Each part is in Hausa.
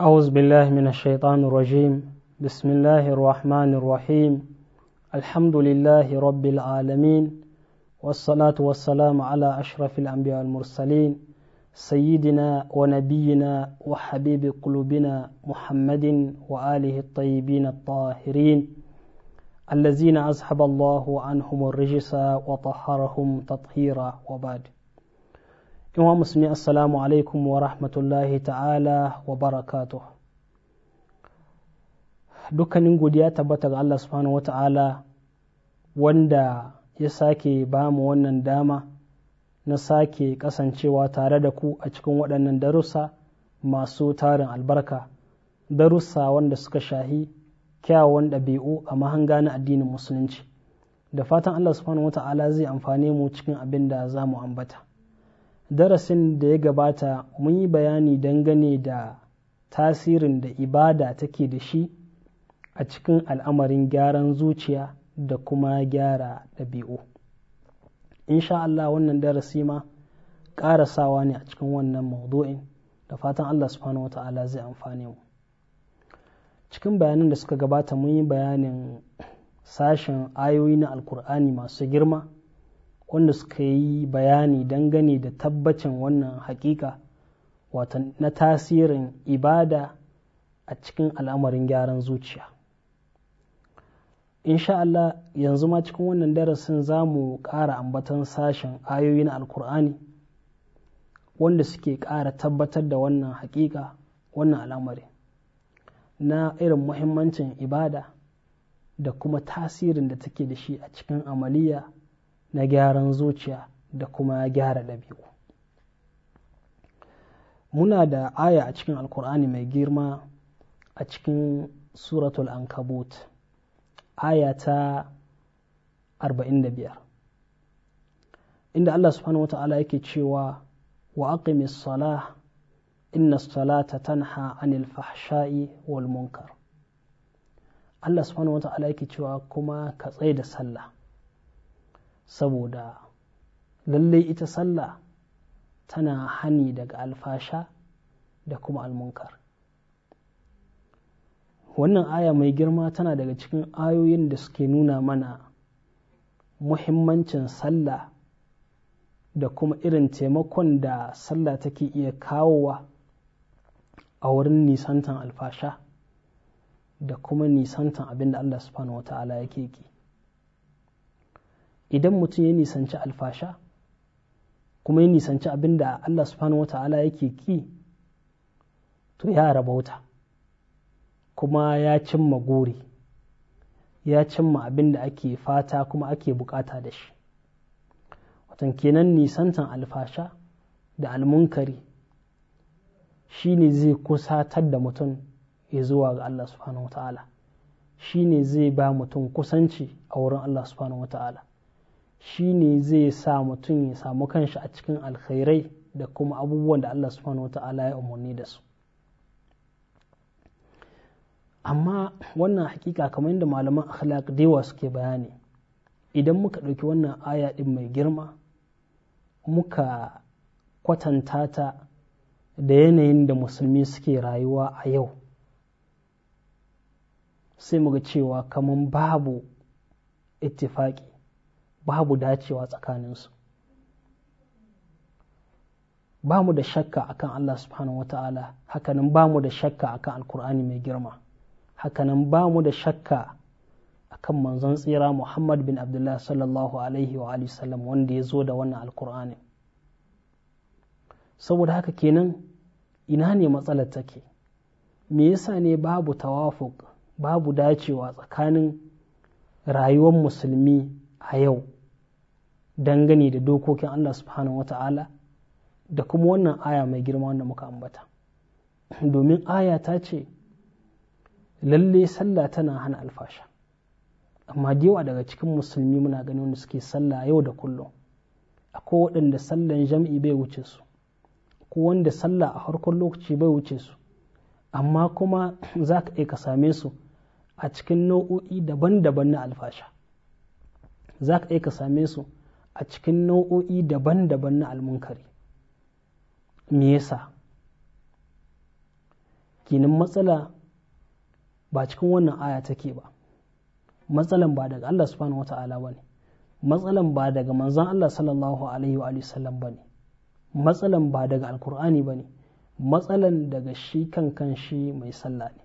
أعوذ بالله من الشيطان الرجيم بسم الله الرحمن الرحيم الحمد لله رب العالمين والصلاة والسلام على أشرف الأنبياء المرسلين سيدنا ونبينا وحبيب قلوبنا محمد وآله الطيبين الطاهرين الذين أزحب الله عنهم الرجس وطهرهم تطهيرا وبعد wa musulmi assalamu alaikum wa rahmatullahi ta'ala wa barakatu dukkanin godiya tabbata ga Allah subhanahu wata'ala wanda ya sake ba mu wannan dama na sake kasancewa tare da ku a cikin waɗannan darussa masu tarin albarka darussa wanda suka shahi kyawun ɗabi'u a mahanga na addinin musulunci da fatan Allah subhanahu wata'ala zai amfani mu cikin abin da za mu ambata darasin da ya gabata mun yi bayani dangane da tasirin da ibada take da shi a cikin al'amarin gyaran zuciya da kuma gyara ɗabi'u insha Allah wannan darasi ma ƙarasawa ne a cikin wannan maudu'in da fatan Allah subhanahu wata'ala zai amfane mu cikin bayanan da suka gabata mun yi bayanin sashen ayoyi na alkur'ani masu girma wanda suka yi bayani dangane da tabbacin wannan hakika wato na tasirin ibada a cikin al'amarin gyaran zuciya insha Allah yanzu ma cikin wannan darasin za mu ƙara ambaton sashen ayoyin na alkur'ani wanda suke ƙara tabbatar da wannan haƙiƙa wannan al'amari na irin muhimmancin ibada da kuma tasirin da take da shi a cikin amaliya na gyaran zuciya da kuma gyara ɗabi'u muna da aya a cikin alkur'ani mai girma a cikin suratul ankabut aya ta 45 inda Allah subhanahu wata'ala yake cewa wa aqimis salah inna salata tanha anil fahsha'i wal munkar Allah subhanahu wata'ala yake cewa kuma ka tsaye da sallah saboda lallai ita sallah tana hani daga alfasha da kuma almunkar wannan aya mai girma tana daga cikin ayoyin da suke nuna mana muhimmancin sallah da kuma irin taimakon da sallah take iya kawowa a wurin nisantan alfasha da kuma nisantan abin da Allah subhanahu wa ta'ala ya keke idan mutum ya nisanci alfasha kuma ya nisanci abin da Allah subhanahu wa ta'ala yake ki to ya rabauta kuma ya cimma gori ya cimma abin da ake fata kuma ake bukata da shi watan kenan nisantan alfasha da almunkari shi ne zai kusatar da mutum ya zuwa ga Allah subhanahu wa ta'ala shi ne zai ba mutum kusanci a wurin Allah subhanahu wa ta'ala shi ne zai sa mutum ya samu kanshi a cikin alkhairai da kuma abubuwan da Allah subhanahu ta'ala ya umarni da su amma wannan hakika kamar yadda malaman akhlaq dewa suke bayani idan muka ɗauki wannan aya ɗin mai girma muka kwatanta ta da yanayin da musulmi suke rayuwa a yau sai muga cewa kamar babu ittifaki babu dacewa tsakaninsu ba mu da shakka akan Allah subhanahu wa ta'ala hakanan ba mu da shakka akan alkur'ani mai girma hakanan ba mu da shakka akan manzon tsira Muhammad bin Abdullah sallallahu alaihi wa sallam wanda ya zo da wannan alkur'ani saboda haka kenan ina ne matsalar take me yasa ne babu tawafuk babu dacewa tsakanin rayuwar musulmi a yau dangane da dokokin Allah subhanahu wa ta'ala da kuma wannan aya mai girma wanda muka ambata domin aya ta ce lalle sallah tana hana alfasha amma da yawa daga cikin musulmi muna ganin wanda suke sallah yau da kullum akwai waɗanda sallan jam'i bai wuce su ko wanda sallah a harkar lokaci bai wuce su amma kuma za ka iya ka same su a cikin nau'o'i daban-daban na alfasha za ka iya ka same su a cikin nau'o'i daban-daban na almunkari me yasa kinin matsala ba cikin wannan aya take ba matsalan ba daga Allah subhanahu wa ta'ala ba ne matsalan ba daga manzon Allah sallallahu alaihi wa sallam ba ne matsalan ba daga alkur'ani ba ne matsalan daga shi kan kan shi mai sallah ne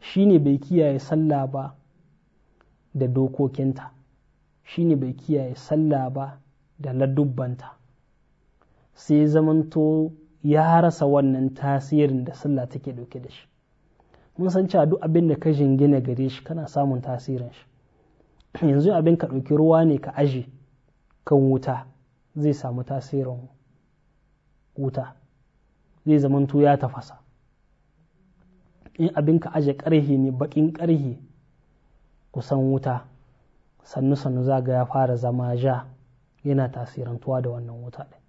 shi ne bai kiyaye sallah ba da dokokinta shine bai kiyaye sallah ba da ladubbanta sai zamanto ya rasa wannan tasirin da sallah take dauke da shi mun san cewa duk abin da ka jingina gare shi kana samun tasirin shi yanzu abin ka ɗauki ruwa ne ka aje kan wuta zai samu tasirin wuta zai zamanto ya tafasa in abin ka aje ƙarhe ne baƙin ƙarhe kusan wuta sannu sannu za ga ya fara zama ja yana tasirantuwa da wannan wuta ɗin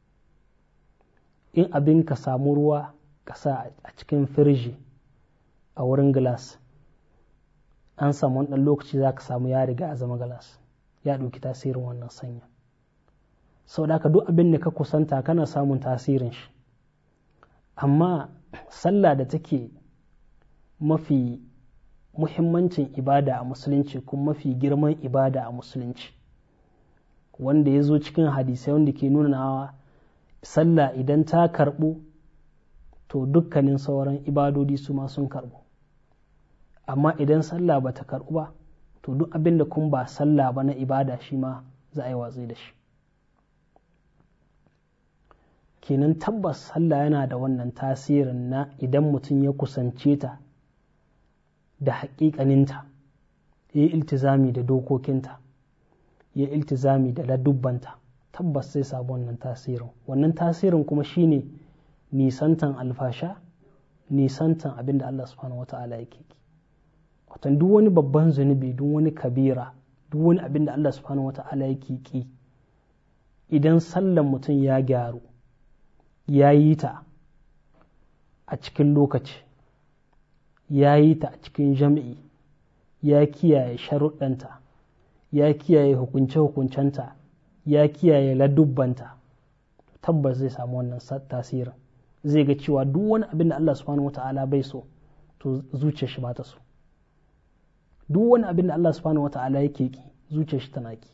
in abin ka samu ruwa ka sa a cikin firji a wurin glass an samu ɗan lokaci za ka samu ya riga a zama glass ya ɗauki tasirin wannan sanya sau da duk abin da ka kusanta kana samun tasirin shi amma sallah da take mafi muhimmancin ibada a musulunci kuma mafi girman ibada a musulunci wanda ya zo cikin hadisai wanda ke nunawa sallah idan ta karɓu to dukkanin sauran ibadodi su ma sun karɓo. amma idan sallah ba ta karɓu ba to duk abin da kun ba sallah ba na ibada shi ma za a yi watsi da shi kenan tabbas sallah yana da wannan tasirin na idan mutum ya kusance ta da haƙiƙaninta ya yi iltizami da dokokinta ya yi iltizami da ladubbanta tabbas sai sabon wannan tasirin wannan tasirin kuma shine nisantan alfasha nisantan abin da Allah subhanahu wa ta'ala yake watan duk wani babban zunubi duk wani kabira duk wani abin da Allah subhanahu wa ta'ala yake ki idan sallan mutum ya gyaru ya yi ta a cikin lokaci ya yi ta a cikin jam'i ya kiyaye sharuɗanta ya kiyaye hukunce-hukuncenta ya kiyaye ladubbanta tabbas zai samu wannan tasirin zai ga cewa duk wani abin da Allah subhanahu wata'ala bai so to zuciyar shi ba ta so duk wani abin da Allah subhanahu wata'ala yake ki zuciyar shi tana ki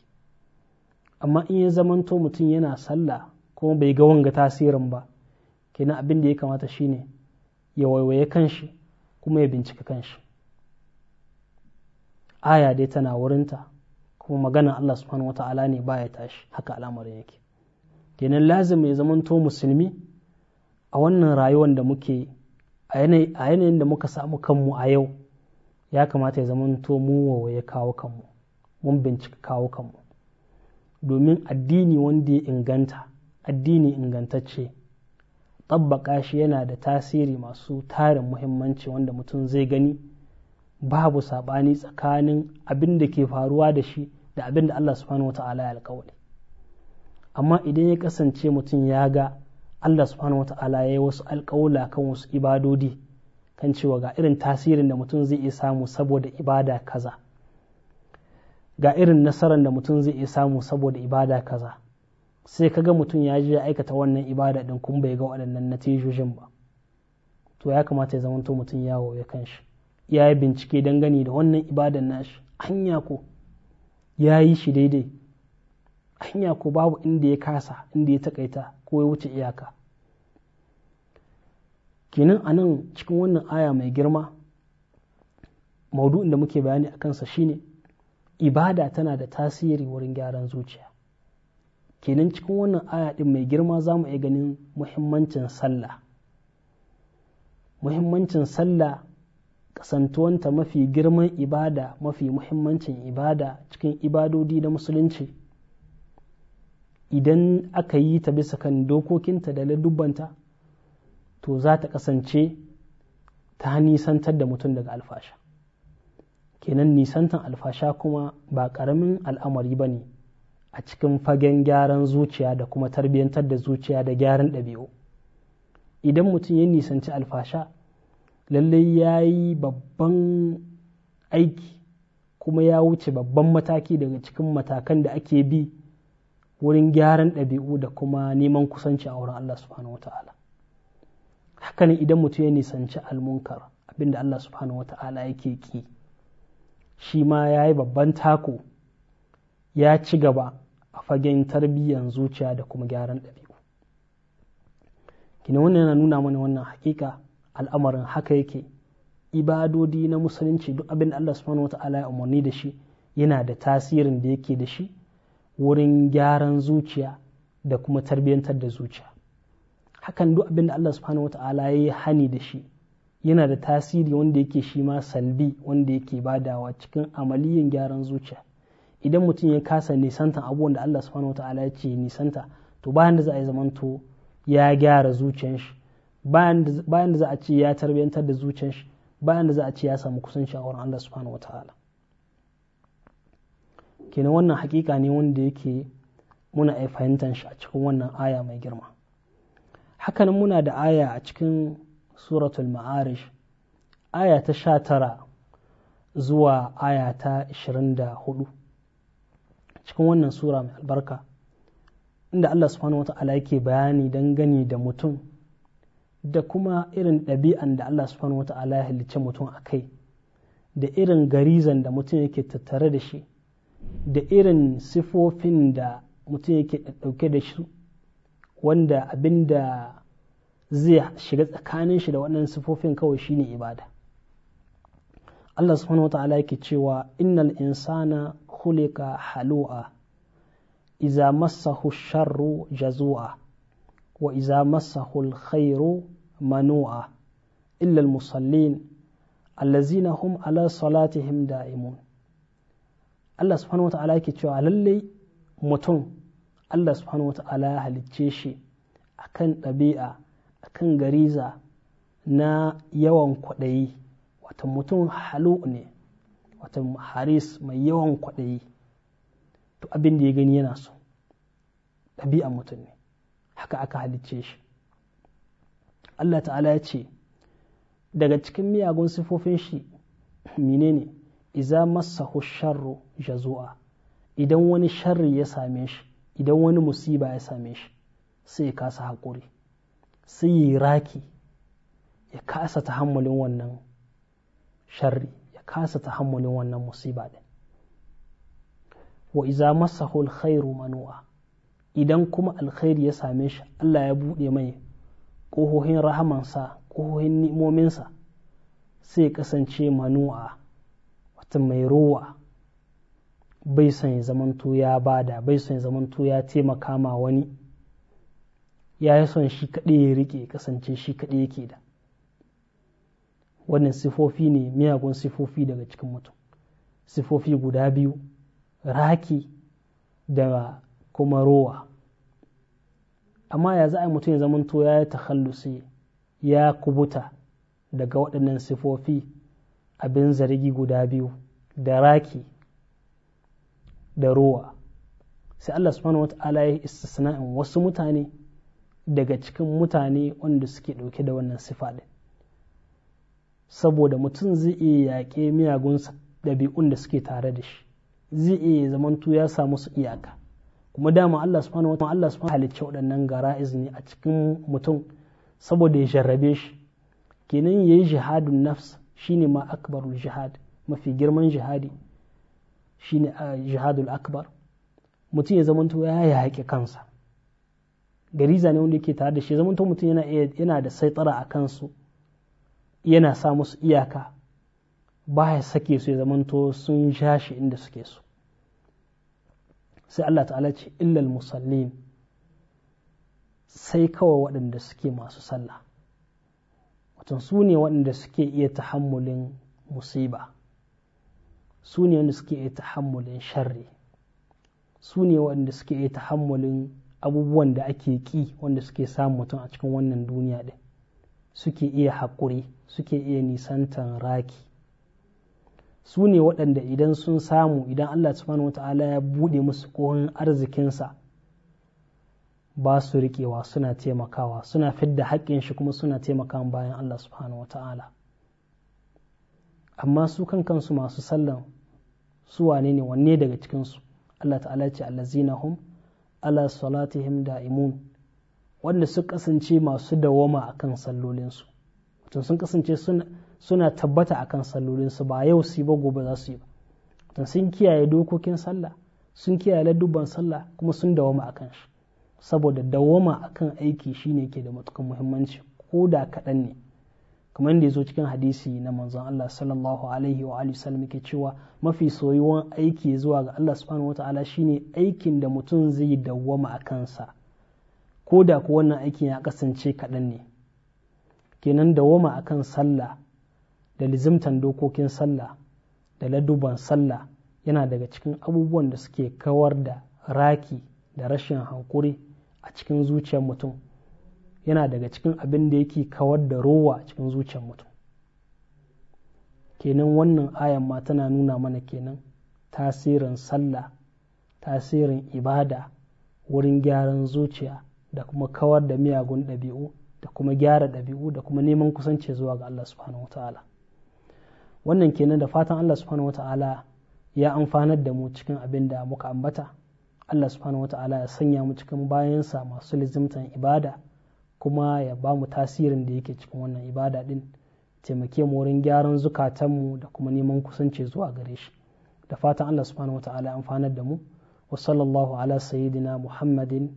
amma in ya zamanto mutum yana sallah kuma bai ga wanga tasirin ba kenan abin da ya kamata shine ya waiwaye kanshi kuma ya bincika kanshi aya dai tana wurinta kuma maganan Allah subhanahu wata'ala ne baya tashi haka al'amarin yake kenan lazim ya zamanto musulmi a wannan rayuwar da muke a yanayin da muka samu kanmu a yau ya kamata ya zamanto mu ya kawo kanmu mun bincika kawo kanmu domin addini wanda ya inganta addini ingantacce tabbaka shi yana da tasiri masu tarin muhimmanci wanda mutum zai gani babu saɓani tsakanin abin da ke faruwa da shi da abin da Allah subhanahu wa ya alkawari amma idan ya kasance mutum ya ga Allah subhanahu wa ya yi wasu alkawula kan wasu ibadodi kan cewa ga irin tasirin da mutum zai iya samu saboda ibada kaza ga irin nasarar da mutum zai iya samu saboda ibada kaza sai kaga mutum ya je ya aikata wannan ibada din kuma bai ga waɗannan natijojin ba to ya kamata ya zamanto mutum ya kan kanshi ya yi bincike dangane da wannan ibadan nashi hanya ko ya yi shi daidai hanya ko babu inda ya kasa inda ya takaita ko ya wuce iyaka kenan a nan cikin wannan aya mai girma maudu'in da muke bayani a kansa shine ibada tana da tasiri wurin gyaran zuciya kenan cikin wannan aya ɗin mai girma za mu iya ganin muhimmancin sallah muhimmancin sallah kasantuwanta mafi girman ibada mafi muhimmancin ibada cikin ibadodi na musulunci idan aka yi ta bisa kan dokokinta da ladubbanta to za ta kasance ta nisantar da mutum daga alfasha kenan nisantar alfasha kuma ba ƙaramin al'amari ba ne a cikin fagen gyaran zuciya da kuma tarbiyyantar da zuciya da gyaran ɗabi'u idan mutum ya nisanci alfasha lallai ya yi babban aiki kuma ya wuce babban mataki daga cikin matakan da ake bi wurin gyaran ɗabi'u da kuma neman kusanci a wurin Allah subhanahu wa ta'ala hakanan idan mutum ya nisanci almunkar abinda Allah subhanahu wa ta'ala yake ki shi ma ya yi babban tako ya ci gaba a fagen tarbiyyar zuciya da kuma gyaran ɗabi'u kina wannan yana nuna mana wannan hakika al'amarin haka yake ibadodi na musulunci duk abin da Allah subhanahu wa ta'ala ya umarni da shi yana da tasirin da yake da shi wurin gyaran zuciya da kuma tarbiyyantar da zuciya hakan duk abin da Allah subhanahu wa ta'ala ya yi hani da shi yana da tasiri wanda yake shi ma salbi wanda yake badawa cikin amaliyin gyaran zuciya idan mutum ya kasa nisanta abubuwan da Allah subhanahu wataala ya ce nisanta to bayan da za a yi zamanto ya gyara zuciyar shi bayan da za a ce ya tarbiyantar da zuciyar shi bayan da za a ce ya samu kusanci a wurin Allah subhanahu wataala kenan wannan hakika ne wanda yake muna ai fahimtar shi a cikin wannan aya mai girma hakanan muna da aya a cikin suratul ma'arish aya ta sha tara zuwa aya ta 24 cikin wannan sura mai albarka inda Allah subhanahu wata'ala yake bayani dangane da mutum da kuma irin ɗabi'an da Allah subhanahu wata'ala ya halicci mutum a kai da irin garizan da mutum yake tattare da shi da irin sifofin da mutum yake ɗauke da shi wanda abin da zai shiga tsakanin shi da waɗannan sifofin kawai shine ibada Allah subhanahu wa ta'ala yake cewa innal insana khuliqa halu'a iza massahu sharru jazu'a wa iza massahu alkhairu manu'a illa almusallin allazina hum ala salatihim da'imun Allah subhanahu wa ta'ala yake cewa lalle mutum Allah subhanahu wa ta'ala ya halicce shi akan ɗabi'a akan gariza na yawan kwaɗayi wata mutum halu ne wata haris mai yawan kwaɗayi to abin da ya gani yana so Ɗabi'a mutum ne haka aka halicce shi Allah ta'ala ya ce daga cikin miyagun sifofin shi menene iza masahu sharru jazu'a idan wani sharri ya same shi idan wani musiba ya same shi sai ya kasa haƙuri sai ya raki ya kasa ta wannan sharri ya kasa tahammulin wannan musiba din wa iza masahu alkhairu manu'a idan kuma alkhairi ya same shi Allah ya buɗe mai ƙohohin rahamansa ƙohohin ni'mominsa sai kasance manu'a wata mai ruwa bai son ya zamanto ya bada bai son ya zamanto ya taimaka ma wani ya yi son shi kaɗai ya riƙe kasance shi kaɗai yake da wannan sifofi ne miyagun sifofi daga cikin mutum sifofi guda biyu raki da kuma rowa amma ya za a yi mutum ya zamanto ya yi takhallusi ya kubuta daga waɗannan sifofi abin zargi guda biyu da raki da rowa sai Allah subhanahu wata'ala ya istisna'in wasu mutane daga cikin mutane wanda suke ɗauke da wannan sifa saboda mutum zai iya yaƙe miyagun ɗabi'un da suke tare da shi zai iya zamantu ya samu su iyaka kuma dama Allah subhanahu wa Allah subhanahu halicce waɗannan gara'iz ne a cikin mutum saboda ya jarrabe shi kenan yayi jihadun nafs shine ma akbarul jihad mafi girman jihadi shine jihadul akbar mutum ya zamanto ya yaƙe kansa gariza ne wanda yake tare da shi zamanto mutum yana da saitara a kansu yana sa musu iyaka ba ya sake su ya zamanto sun sha shi inda suke so sai Allah ta'ala ce illal musallin sai kawai waɗanda suke masu sallah watan su ne waɗanda suke iya tahammulin musiba su ne waɗanda suke iya tahammulin sharri su ne waɗanda suke iya tahammulin abubuwan da ake ƙi wanda suke samun mutum a cikin wannan duniya ɗin suke iya haƙuri suke iya nisantan raki su ne waɗanda idan sun samu idan Allah subhanahu wa ta'ala ya buɗe musu ƙohon arzikinsa ba su riƙewa suna taimakawa suna fidda haƙƙin shi kuma suna taimakawa bayan Allah subhanahu wa ta'ala amma su kan kansu masu sallan su wane ne wanne daga cikinsu Allah ta'ala ce allazina hum ala salatihim da'imun wanda su kasance masu dawama akan sallolinsu wato sun kasance suna tabbata akan sallolinsu ba yau su yi ba gobe za su yi ba wato sun kiyaye dokokin sallah sun kiyaye ladubban sallah kuma sun dawama akan shi saboda dawama akan aiki shine ke da matukan muhimmanci ko da kaɗan ne kamar da ya zo cikin hadisi na manzon Allah sallallahu alaihi wa alihi sallam ke cewa mafi soyuwan aiki zuwa ga Allah subhanahu wataala shine aikin da mutum zai dawwama a kansa ko da ku wannan aikin ya kasance kaɗan ne kenan dawoma kan sallah da lizimtan dokokin sallah da laduban sallah yana daga cikin abubuwan da suke kawar da raki da rashin hankuri a cikin zuciyar mutum yana daga cikin abin da yake kawar da rowa a cikin zuciyar mutum kenan wannan ayan ma tana nuna mana kenan tasirin sallah tasirin ibada wurin gyaran zuciya da kuma kawar da miyagun ɗabi'u da kuma gyara ɗabi'u da kuma neman kusanci zuwa ga Allah subhanahu wa ta'ala wannan kenan da fatan Allah subhanahu wa ta'ala ya amfanar da mu cikin abin da muka ambata Allah subhanahu wa ta'ala ya sanya mu cikin bayansa masu lizimtan ibada kuma ya ba mu tasirin da yake cikin wannan ibada din taimake mu wurin gyaran zukatanmu da kuma neman kusanci zuwa gare shi da fatan Allah subhanahu wa ta'ala amfanar da mu wa sallallahu ala sayyidina muhammadin